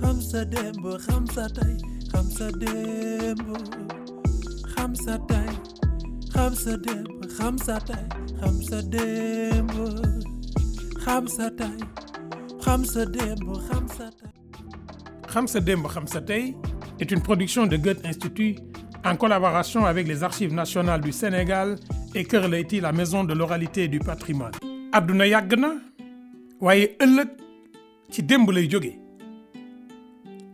xam sa xam sa tey xam xam sa tey xam sa est une production de Goethe Institut en collaboration avec les Archives nationales du Sénégal et Kër Leyti la maison de l'oralité et du patrimoine. àdduna yàgg na waaye ci démb lay jóge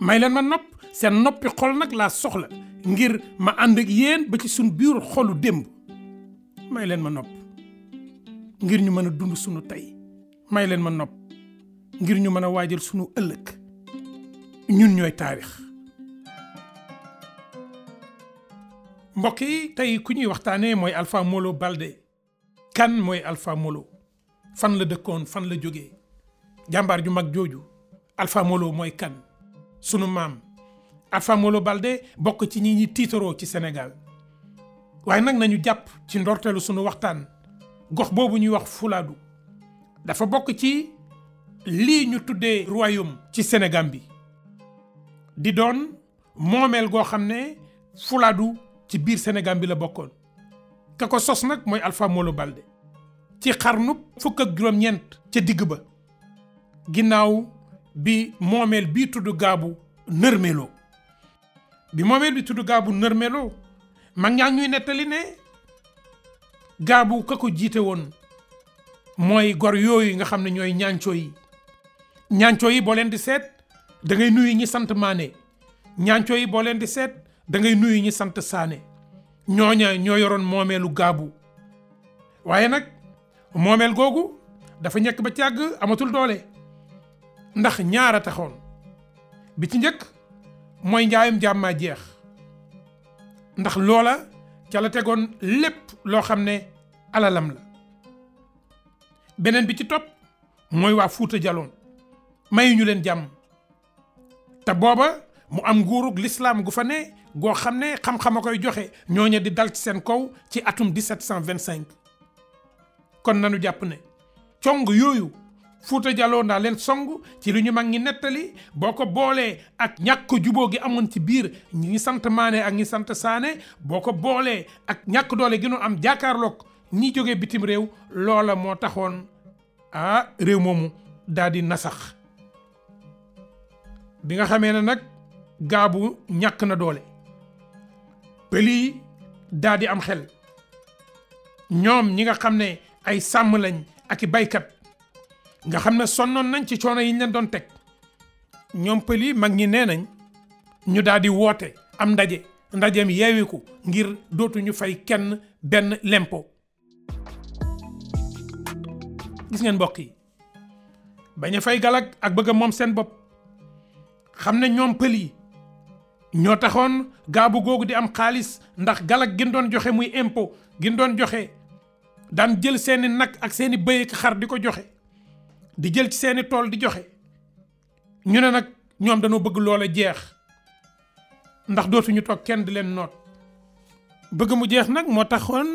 may leen ma nopp seen noppi xol nag laa soxla ngir ma ànd ak yéen ba ci suñ biir xolu démb may leen ma nopp ngir ñu mën a dund sunu tey may leen ma nopp ngir ñu mën a waajal sunu ëllëg ñun ñooy taarix. mbokk yi tey ku ñuy waxtaanee mooy Alpha Molo Baldé kan mooy Alpha Molo fan la dëkkoon fan la jóge jàmbaar ju mag jooju Alpha Molo mooy kan. sunu maam Afamolo Balde bokk ci ñi ñi tiitaroo ci Sénégal waaye nag nañu jàpp ci ndortelu sunu waxtaan gox boobu ñuy wax Fuladu dafa bokk ci lii ñu tuddee royaume ci Sénégal bi di doon moomeel goo xam ne Fuladu ci biir Sénégal bi la bokkoon ka ko sos nag mooy Alpha Molo Balde ci xarnu fukk juróom-ñeent ca digg ba ginnaaw bi moomeel bi tudd gaabu nërmeloo bi moomeel bi tudd gaabu nërmeloo mag ñaa ñuy nettali ne gaabu ka ko jiite woon mooy gor yooyu nga xam ne ñooy ñaancoo yi ñaancoo yi boo leen di seet da ngay nuyu ñi sant maane ñaancoo yi boo leen di seet da ngay nuyu ñi sant saane ñooña ñoo yoroon moomeelu gaabu waaye nag moomeel googu dafa ñekk ba ci yàgg amatul doole ndax ñaara taxoon bi ci njëkk mooy njaayum jàmmaa jeex ndax loola ca la tegoon lépp loo xam ne alalam la beneen bi ci topp mooy waa Fuuta Jaloon mayuñu leen jàmm te booba mu am nguurug lislaam gu fa ne goo xam ne xam a koy joxe ñooñe di dal ci seen kaw ci atum 1725 kon nanu jàpp ne cong yooyu Fuuta Jaloo ndaa leen song ci lu ñu mag ñi nettali boo ko boolee ak ñàkk juboo gi amoon ci biir ñi sant Maane ak ñi sant Saane boo ko boolee ak ñàkk doole gi nu am jàkkaarloog ñi jógee bitim réew loola moo taxoon ah réew moomu daal di nasax bi nga xamee ne nag gaabu ñàkk na doole pël yi di am xel ñoom ñi nga xam ne ay sàmm lañ ak i baykat nga xam ne sonnoon nañ ci coono yi ñu leen doon teg ñoom pël yi mag ñi nee nañ ñu daal di woote am ndaje ndajeem yeewiku ngir dootuñu fay kenn benn lempo. gis ngeen mbokk yi bañ a fay galag ak bëgg moom seen bopp xam ne ñoom pël yi ñoo taxoon gaabu googu di am xaalis ndax galag gin doon joxe muy impôt gin doon joxe daan jël seeni nag ak seeni bëy xar di ko joxe. di jël ci seeni tool di joxe ñu ne nag ñoom dañoo bëgg loola jeex ndax dootuñu toog kenn di leen noot bëgg mu jeex nag moo taxoon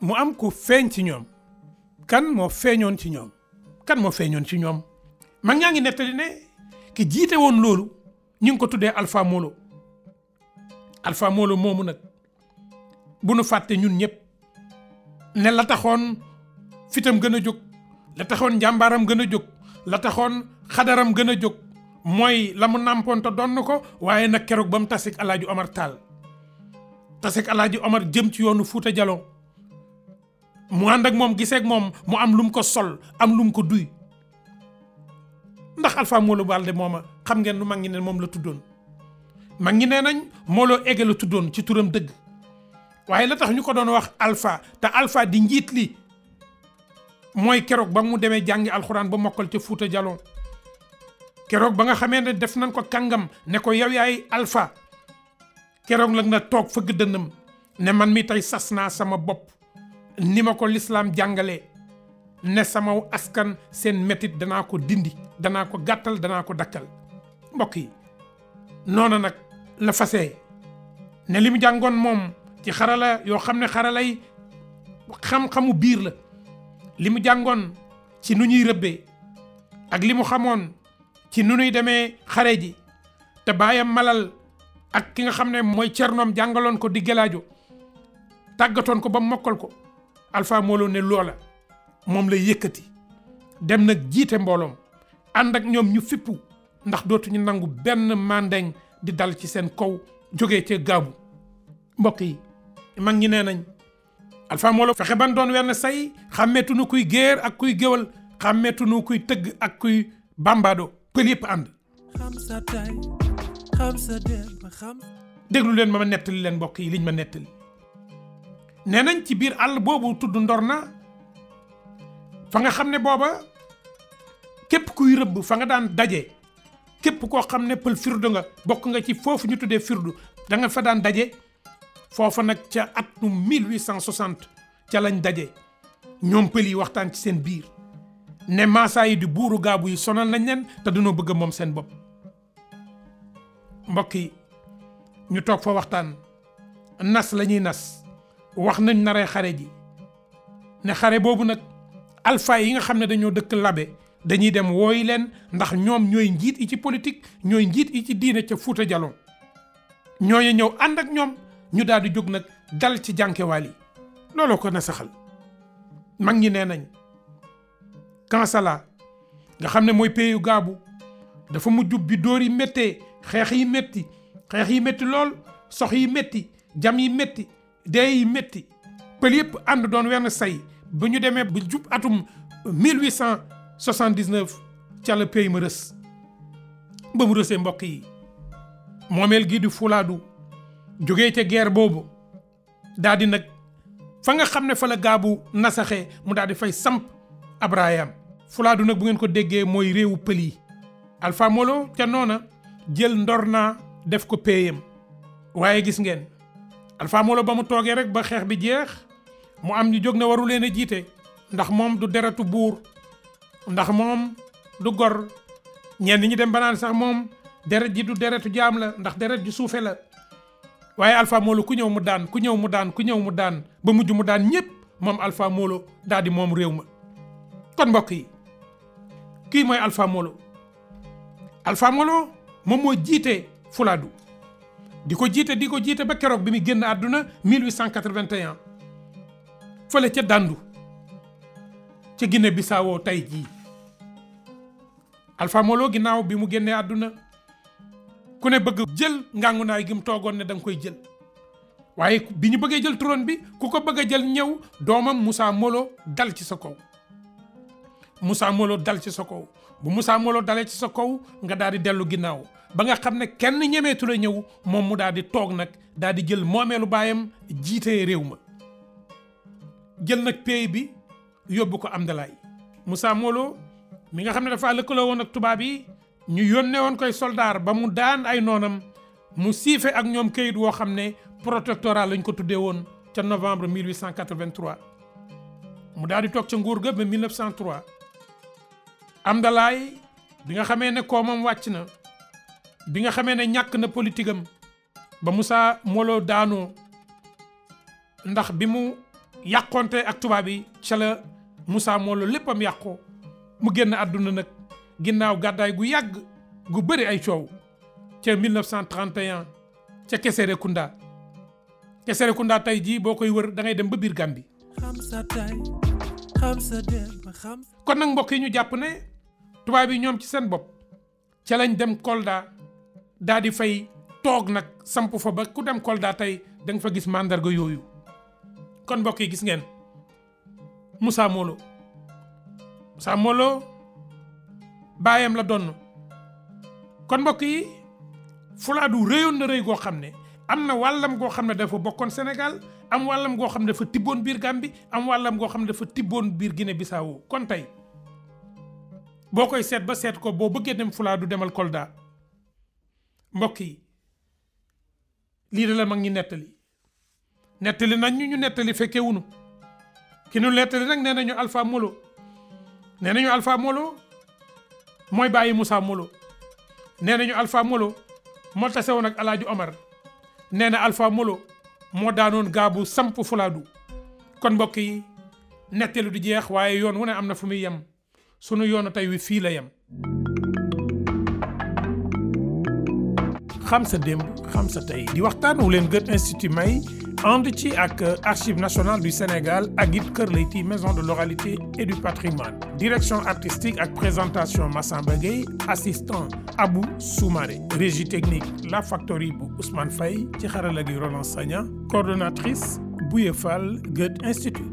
mu am ko feeñ ci ñoom kan moo feeñoon ci ñoom kan moo feeñoon ci ñoom mag ñaa ngi nettali ne ki jiite woon loolu ñu ngi ko tuddee alfaa Molo Alpha Molo moomu nag bu nu fàttee ñun ñëpp ne la taxoon fitam gën a jóg la taxoon njàmbaaram gën a jóg la taxoon xadaram gën a jóg mooy la mu nàmpoon te doon ko waaye nag keroog ba mu tasik alaaji Omar Tall tasik alaaji Omar jëm ci yoonu Fuuta Jaloo mu ànd ak moom giseek moom mu am lu ko sol am lu mu ko duy ndax Alpha Molo Balde mooma xam ngeen nu mag ngi neen moom la tuddoon mag ngi nee nañ Molo Ege la tuddoon ci turam dëgg waaye la tax ñu ko doon wax Alpha te alfaa di njiit li mooy keroog ba mu demee jàngi alxuraan ba mokkal ca Fuuta Jaloo keroog ba nga xamee ne def nañ ko kàngam ne ko yow yaay alpha keroog nag na toog fëgg dënnam ne man mi tey sas naa sama bopp ni ma ko lislaam jàngalee ne sama askan seen métit danaa ko dindi danaa ko gàttal danaa ko dakkal mbokk yi noona nag la fasee ne li jàngoon moom ci xarala yoo xam ne xaralay xam-xamu biir la li mu jàngoon ci nu ñuy rëbbee ak limu xamoon ci nu ñuy demee xare ji te baayam malal ak ki nga xam ne mooy cernoom jàngaloon ko di gelaajo tàggatoon ko ba mokkal ko Alpha Molo ne loola moom lay yëkkati dem nag jiite mbooloom ànd ak ñoom ñu fippu ndax dootuñu nangu benn mandeng di dal ci seen kaw jóge ca gaabu mbokk yi mag ñi nee nañ alpha moo la fexe ban doon wenn say xàmmeetunu kuy géer ak kuy géwal xàmmeetunu kuy tëgg ak kuy bambado pël yëpp ànd déglu leen ma ma nettali leen mbokk yi liñ ma nettali nee nañ ci biir àll boobu tudd ndor na fa nga xam ne booba képp kuy rëbb fa nga daan daje képp koo xam ne pël firdu nga bokk nga ci foofu ñu tuddee firdu da nga fa daan daje foofa nag ca atum 1860 ca lañ daje ñoom pël yi waxtaan ci seen biir ne maasaa yi di buuru gaabu yi sonal nañ leen te dañoo bëgg moom seen bopp mbokk yi ñu toog fa waxtaan nas la ñuy nas wax nañ naree xare ji ne xare boobu nag alfaay yi nga xam ne dañoo dëkk labe dañuy dem wooyi leen ndax ñoom ñooy njiit yi ci politique ñooy njiit yi ci diine ca Fuuta Jaloo ñooñu ñëw ànd ak ñoom ñu daal di jóg nag dal ci jànkewaal yi looloo ko na saxal mag ñi nee nañ Kansala nga xam ne mooy peyu gaabu dafa mu jub bi dóor yi méttee xeex yi métti xeex yi métti lool sox yi métti jam yi métti dee yi métti pël yëpp ànd doon wenn say ba ñu demee bu jub atum 1879 ca la pey ma rës ba mu rësee mbokk yi moomeel gii di Fulaadu jóge ca guerre boobu daal di nag fa nga xam ne fa la gaabu nasaxe mu daal di fay samp Abraham du nag bu ngeen ko déggee mooy réewu pël yi Alpha Molo ca noona jël ndor naa def ko péeyam waaye gis ngeen Alpha ba mu toogee rek ba xeex bi jeex mu am ñu jóg na waru leen a jiite ndax moom du deretu buur ndax moom du gor di ñi dem ba naan sax moom deret ji du deretu jaam la ndax deret ju suufe la waaye Alpha ku ñëw mu daan ku ñëw mu daan ku ñëw mu daan ba mujj mu daan ñëpp moom Alpha Molo di moom réew ma kon mbokk yi kii mooy Alpha Molo Alpha Molo moom moo jiite Fuladu di ko jiite di ko jiite ba keroog bi mu génn àdduna 1881 fële ca dàndu ca Guinée Bissau tey jii Alpha ginnaaw bi mu génnee àdduna ku ne bëgg jël ngangunaay gi mu toogoon ne danga koy jël waaye bi ñu bëggee jël trône bi ku ko bëgg a jël ñëw doomam Moussa Molo dal ci sa kaw musaa Molo dal ci sa kaw bu Moussa Molo dalee ci sa kaw nga daal di dellu ginnaaw ba nga xam ne kenn ñemeetu la ñëw moom mu daal di toog nag daal di jël moomeelu baayam jiite réew ma jël nag pays bi yóbbu ko am Amdalaay musaa Molo mi nga xam ne dafa lëkkaloo woon ak tubaab yi. ñu yónnee woon koy soldaar ba mu daan ay noonam mu siife ak ñoom kayit woo xam ne protectorat lañ ko tuddee woon ca novembre 1883 mu daal di toog ca nguur ga ba am Amdalaay bi nga xamee ne koomam wàcc na bi nga xamee ne ñàkk na politique am ba Moussa Molo daanoo ndax bi mu yàqoonte ak tubaab yi ca la Moussa Molo léppam yàqu mu génn àdduna nag. ginnaaw gàddaay gu yàgg gu bëri ay coow ca 1931 ca Keserekunda Keserekunda tey jii boo koy wër da dem ba biir Gàmbi kon nag mbokk yi ñu jàpp ne tubaab yi ñoom ci seen bopp ca lañ dem Kolda daa di fay toog nag samp fa ba ku dem Kolda tey da fa gis màndarga yooyu kon mbokk yi gis ngeen Moussa Molo Moussa Molo baayam la donn kon mbokk yi Fulaadu réyoon na rëy goo xam ne am na wàllam goo xam ne dafa bokkoon Sénégal am wàllam goo xam ne dafa tibboon biir Gàmbi am wàllam goo xam ne dafa tibboon biir Guinée Bissau kon tey boo koy seet ba seet ko boo bëggee dem Fulaadu demal koldaa mbokk yi lii da la mag ñi nettali nettali nañ ñu ñu nettali fekkewunu ki nu nettali nag nee nañu Alpha Molo nee nañu Alpha Molo mooy bàyyi Moussa Molo nee nañu Alpha Molo moo tase nag ak Omar nee na Alpha Molo moo daanoon gaabu samp fulaadu kon mbokk yi nettelu di jeex waaye yoon wu ne am na fu muy yem sunu yoonu tey wi fii la yem. xam sa démb xam sa tey di waxtaan wu leen Goethe Institut may. ànd ci ak archives nationales du Sénégal ak it Kër Leyti maison de l'oralité et du patrimoine direction artistique ak présentation Massamba Gueye assistant Abou Soumaré régie technique la Factory bu Ousmane Faye ci xarala gi Roland Sagna coordonnatrice Bouye Fall Goethe Institut